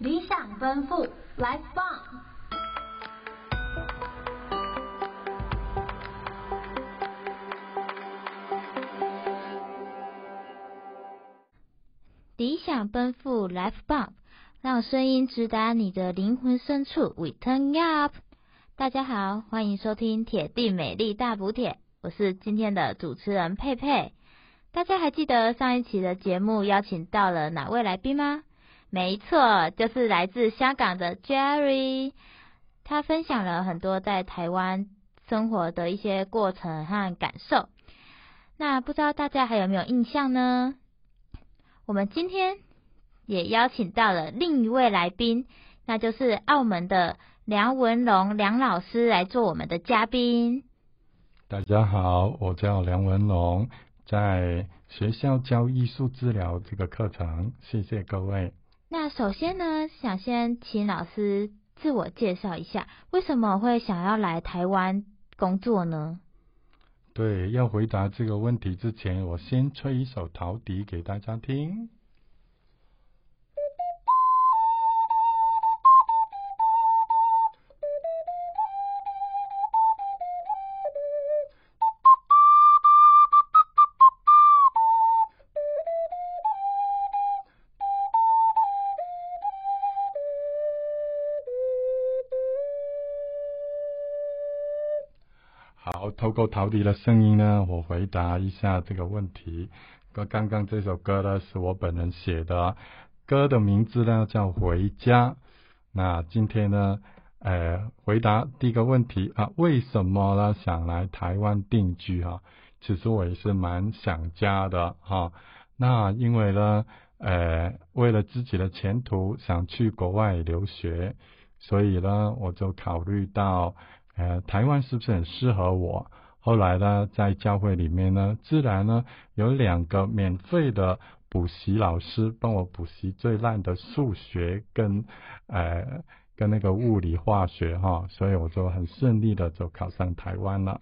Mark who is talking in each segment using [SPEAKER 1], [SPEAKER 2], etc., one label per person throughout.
[SPEAKER 1] 理想奔赴，life bomb 理想奔赴，life bomb 讓聲音直達你的靈魂深處。We turn up。大家好，歡迎收聽《鐵地美麗大補帖》，我是今天的主持人佩佩。大家還記得上一期的節目邀請到了哪位來賓嗎？沒錯，就是來自香港的 Jerry，他分享了很多在台灣生活的一些過程和感受。那不知道大家還有沒有印象呢？我們今天也邀請到了另一位來賓，那就是澳門的梁文龍梁老師來做我們的嘉賓。
[SPEAKER 2] 大家好，我叫梁文龍，在學校教藝術治療這個課程，謝謝各位。
[SPEAKER 1] 那首先呢，想先請老師自我介紹一下，為什麼會想要來台灣工作呢？
[SPEAKER 2] 對，要回答這個問題之前，我先吹一首陶笛給大家聽。好，透過陶笛的聲音呢，我回答一下這個問題。歌剛剛這首歌呢是我本人寫的，歌的名字呢叫《回家》。那今天呢，呃、回答第一個問題啊，為什麼呢想來台灣定居哈、啊，其實我也是蠻想家的哈、哦。那因為呢，呃，為了自己的前途想去國外留學，所以呢，我就考慮到。呃，台灣是不是很適合我？後來呢，在教會裡面呢，自然呢有兩個免費的補習老師幫我補習最爛的數學跟呃跟那個物理化學哈，所以我就很順利的就考上台灣了。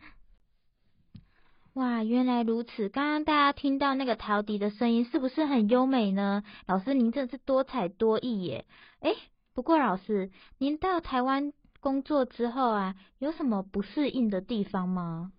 [SPEAKER 1] 哇，原來如此！剛剛大家聽到那個陶笛的聲音，是不是很優美呢？老師您真的是多才多藝耶！哎、欸，不過老師您到台灣。工作之後啊，有什麼不適應的地方嗎？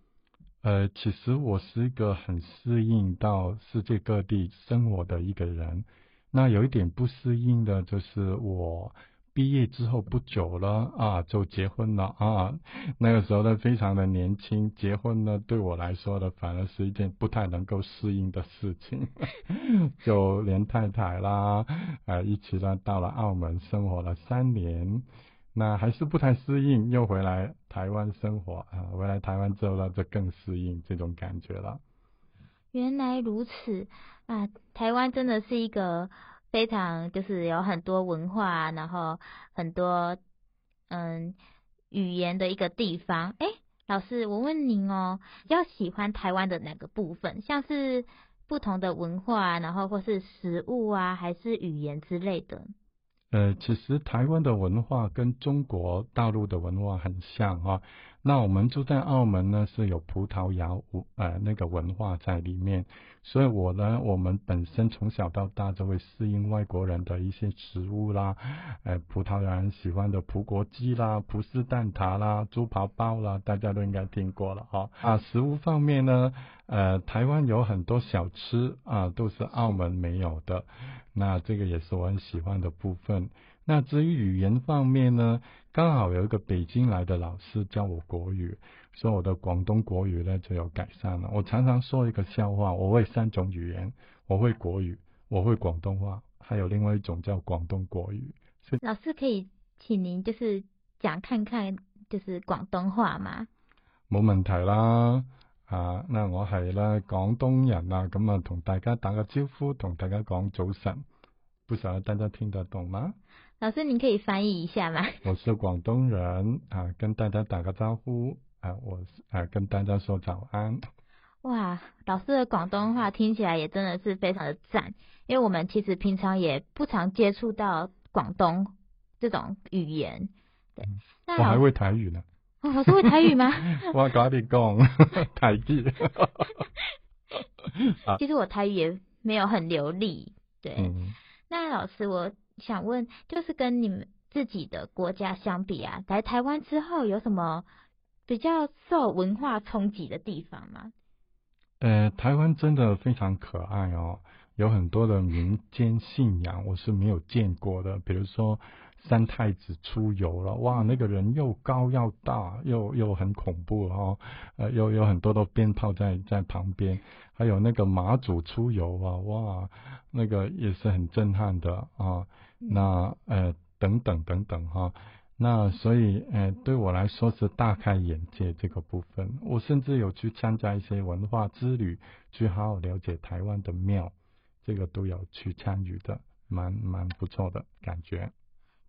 [SPEAKER 2] 呃，其實我是一個很適應到世界各地生活的一個人。那有一點不適應的就是我畢業之後不久了啊，就結婚了啊。那個時候呢，非常的年輕，結婚呢對我來說呢，反而是一件不太能夠適應的事情。 就連太太啦，呃，一起呢到了澳門生活了三年。那還是不太適應，又回來台灣生活啊！回來台灣之後呢，就更適應這種感覺了。
[SPEAKER 1] 原來如此啊！台灣真的是一個非常就是有很多文化，然後很多嗯語言的一個地方。欸，老師，我問您喔，要喜歡台灣的哪個部分？像是不同的文化，然後或是食物啊，還是語言之類的？
[SPEAKER 2] 呃，其實台灣的文化跟中國大陸的文化很像啊。那我們住在澳門呢，是有葡萄牙呃那個文化在裡面，所以我呢，我們本身從小到大就會適應外國人的一些食物啦，呃、葡萄牙人喜歡的葡國雞啦、葡式蛋撻啦、豬扒包啦，大家都應該聽過了哈。嗯、啊，食物方面呢，呃，台灣有很多小吃啊、呃，都是澳門沒有的。那這個也是我很喜歡的部分。那至於語言方面呢，剛好有一個北京來的老師教我國語，所以我的廣東國語呢，就有改善了。我常常說一個笑話，我會三種語言，我會國語，我會廣東話，還有另外一種叫廣東國語。
[SPEAKER 1] 老師，可以請您就是講看看，就是廣東話嗎？
[SPEAKER 2] 冇問題啦，啊，那我係呢廣東人啊，咁啊同大家打個招呼，同大家講早晨。不曉得大家聽得懂嗎？
[SPEAKER 1] 老師，您可以翻譯一下嗎？
[SPEAKER 2] 我是廣東人啊，跟大家打個招呼啊，我啊跟大家說早安。
[SPEAKER 1] 哇，老師的廣東話聽起來也真的是非常的讚，因為我們其實平常也不常接觸到廣東這種語言。
[SPEAKER 2] 對，嗯、我還會台語呢。
[SPEAKER 1] 我哦，老師會台語嗎？哇
[SPEAKER 2] 搞你講台語。 其實我
[SPEAKER 1] 台語也沒有很流利，對。嗯那老師，我想問，就是跟你們自己的國家相比啊，來台灣之後有什麼比較受文化衝擊的地方嗎？
[SPEAKER 2] 呃，台灣真的非常可愛哦。有很多的民間信仰，我是沒有見過的。比如說三太子出遊了，哇，那個人又高又大，又又很恐怖哈、哦，呃，又有很多的鞭炮在在旁邊，還有那個媽祖出遊啊，哇，那個也是很震撼的啊。那呃等等等等哈、哦，那所以呃對我來說是大開眼界這個部分，我甚至有去參加一些文化之旅，去好好了解台灣的廟。這個都有去參與的，蠻蠻不錯的感覺。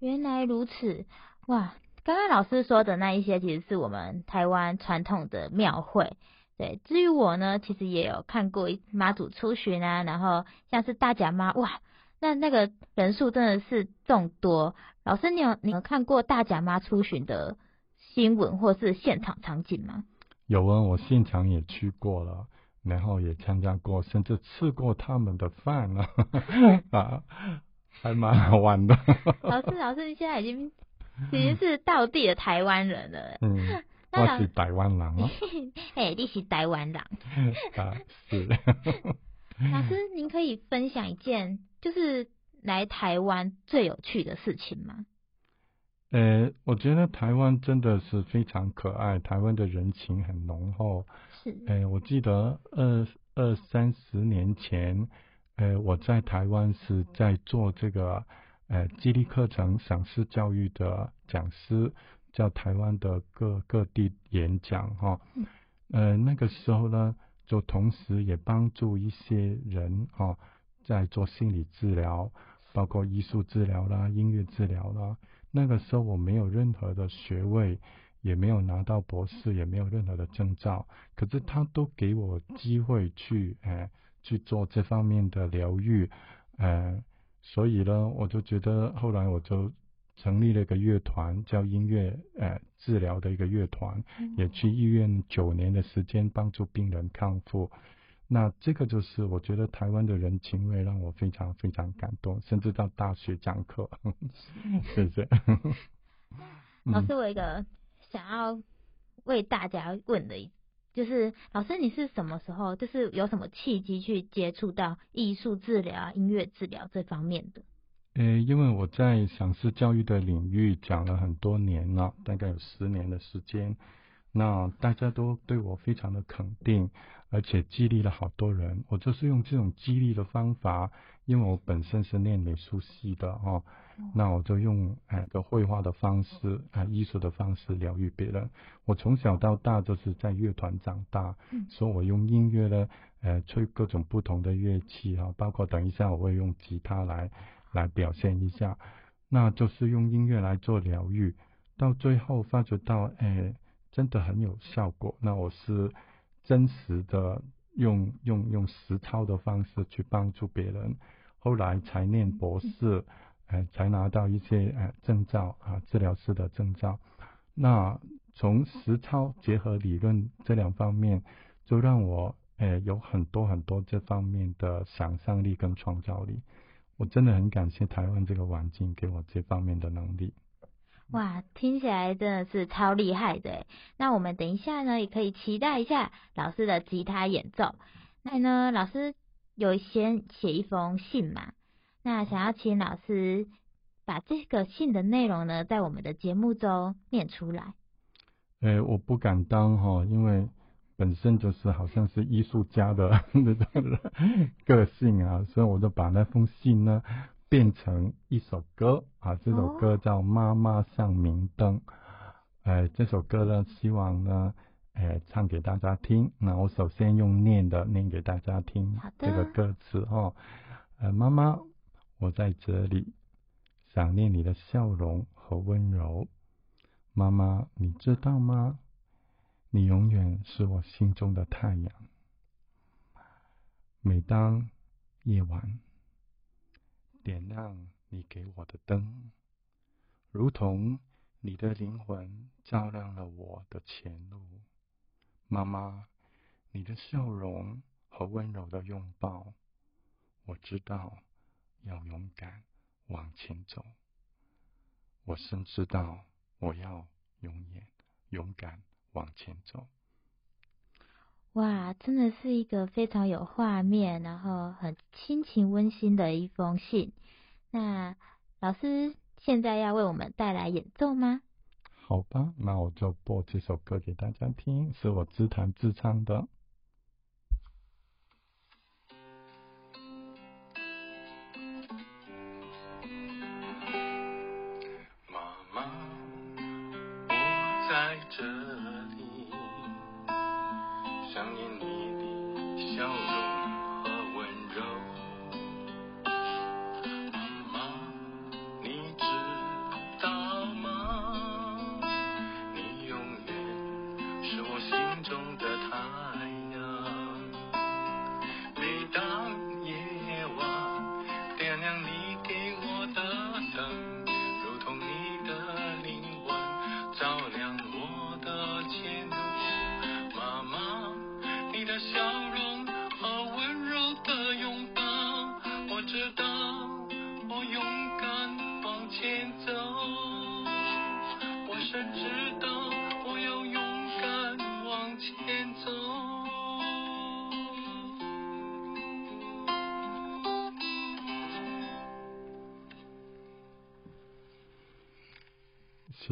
[SPEAKER 1] 原來如此，哇！剛剛老師說的那一些，其實是我們台灣傳統的廟會。對，至於我呢，其實也有看過一媽祖出巡啊，然後像是大甲媽，哇，那那個人數真的是眾多。老師，你有你有看過大甲媽出巡的新聞或是現場場景嗎？
[SPEAKER 2] 有啊，我現場也去過了。然後也參加過，甚至吃過他們的飯呢、啊，啊，還蠻好玩的。老師，
[SPEAKER 1] 老師，你現在已經已經是道地的台灣人了。嗯、那老，我是
[SPEAKER 2] 台灣人啊，
[SPEAKER 1] 哎，你是台灣人。
[SPEAKER 2] 啊，是。
[SPEAKER 1] 老師，您可以分享一件就是來台灣最有趣的事情嗎？
[SPEAKER 2] 呃、欸，我覺得台灣真的是非常可愛，台灣的人情很濃厚。
[SPEAKER 1] 是、
[SPEAKER 2] 欸。我記得二二三十年前，呃、欸，我在台灣是在做這個呃激勵課程、賞識教育的講師，叫台灣的各各地演講哈、哦。呃，那個時候呢，就同時也幫助一些人哈、哦，在做心理治療，包括藝術治療啦、音樂治療啦。那個時候我沒有任何的學位，也沒有拿到博士，也沒有任何的證照，可是他都給我機會去哎、呃、去做這方面的療癒，哎、呃，所以呢，我就覺得後來我就成立了一個樂團，叫音樂哎、呃、治療的一個樂團，也去醫院九年的時間幫助病人康復。那這個就是我覺得台灣的人情味讓我非常非常感動，甚至到大學講課，
[SPEAKER 1] 謝
[SPEAKER 2] 謝是
[SPEAKER 1] 老師，我一個想要為大家問的，就是老師，你是什麼時候，就是有什麼契機去接觸到藝術治療啊、音樂治療這方面的？
[SPEAKER 2] 欸，因為我在賞識教育的領域講了很多年了，大概有十年的時間，那大家都對我非常的肯定。而且激勵了好多人，我就是用這種激勵的方法，因為我本身是念美術系的哦。那我就用誒、呃、個繪畫的方式啊、藝術的方式療愈別人。我從小到大就是在樂團長大，所以我用音樂呢，誒、呃、吹各種不同的樂器哈、啊，包括等一下我會用吉他來來表現一下，那就是用音樂來做療愈，到最後发覺到哎、呃、真的很有效果，那我是。真實的用用用實操的方式去幫助別人，後來才念博士，哎、呃，才拿到一些哎證照啊，治療師的證照。那從實操結合理論這兩方面，就讓我哎、呃，有很多很多這方面的想象力跟創造力。我真的很感謝台灣這個環境給我這方面的能力。
[SPEAKER 1] 哇，聽起來真的是超厲害的！那我們等一下呢，也可以期待一下老師的吉他演奏。那呢，老師有先寫一封信嘛？那想要請老師把這個信的內容呢，在我們的節目中念出來。
[SPEAKER 2] 誒、欸、我不敢當哈，因為本身就是好像是藝術家的那 種個性啊，所以我就把那封信呢。變成一首歌啊，這首歌叫《媽媽像明燈》。哎、oh. 呃，這首歌呢，希望呢、呃，唱給大家聽。那我首先用念的念給大家聽這個歌詞、oh. 哦。呃、媽媽，我在這裡想念你的笑容和溫柔。媽媽，你知道嗎？你永遠是我心中的太陽。每當夜晚。點亮你給我的燈，如同你的靈魂照亮了我的前路。媽媽，你的笑容和溫柔的擁抱，我知道要勇敢往前走。我深知道，我要永遠勇敢往前走。
[SPEAKER 1] 哇，真的是一個非常有畫面，然後很親情溫馨的一封信。那老師現在要為我們帶來演奏嗎？
[SPEAKER 2] 好吧，那我就播這首歌給大家聽，是我自彈自唱的。我。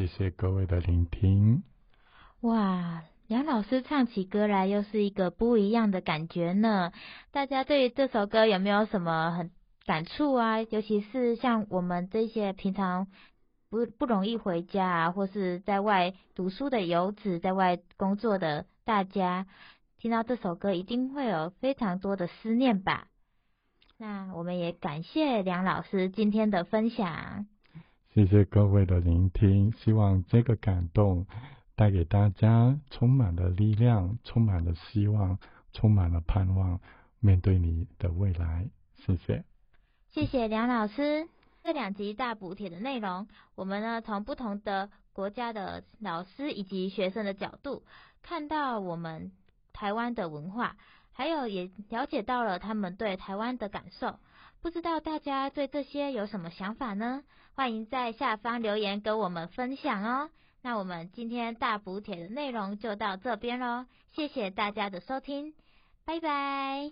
[SPEAKER 2] 謝謝各位的聆聽。
[SPEAKER 1] 哇，梁老師唱起歌來又是一個不一樣的感覺呢。大家對於這首歌有沒有什麼很感觸啊？尤其是像我們這些平常。不不容易回家啊，或是在外讀書的游子，在外工作的大家，聽到這首歌一定會有非常多的思念吧？那我們也感謝梁老師今天的分享。
[SPEAKER 2] 謝謝各位的聆聽，希望這個感動帶給大家充滿了力量，充滿了希望，充滿了盼望，面對你的未來。謝謝。
[SPEAKER 1] 謝謝梁老師。這兩集大補帖的內容，我們呢從不同的國家的老師以及學生的角度，看到我們台灣的文化，還有也了解到了他們對台灣的感受。不知道大家對這些有什麼想法呢？歡迎在下方留言跟我們分享哦。那我們今天大補帖的內容就到這邊嘍，謝謝大家的收聽，拜拜。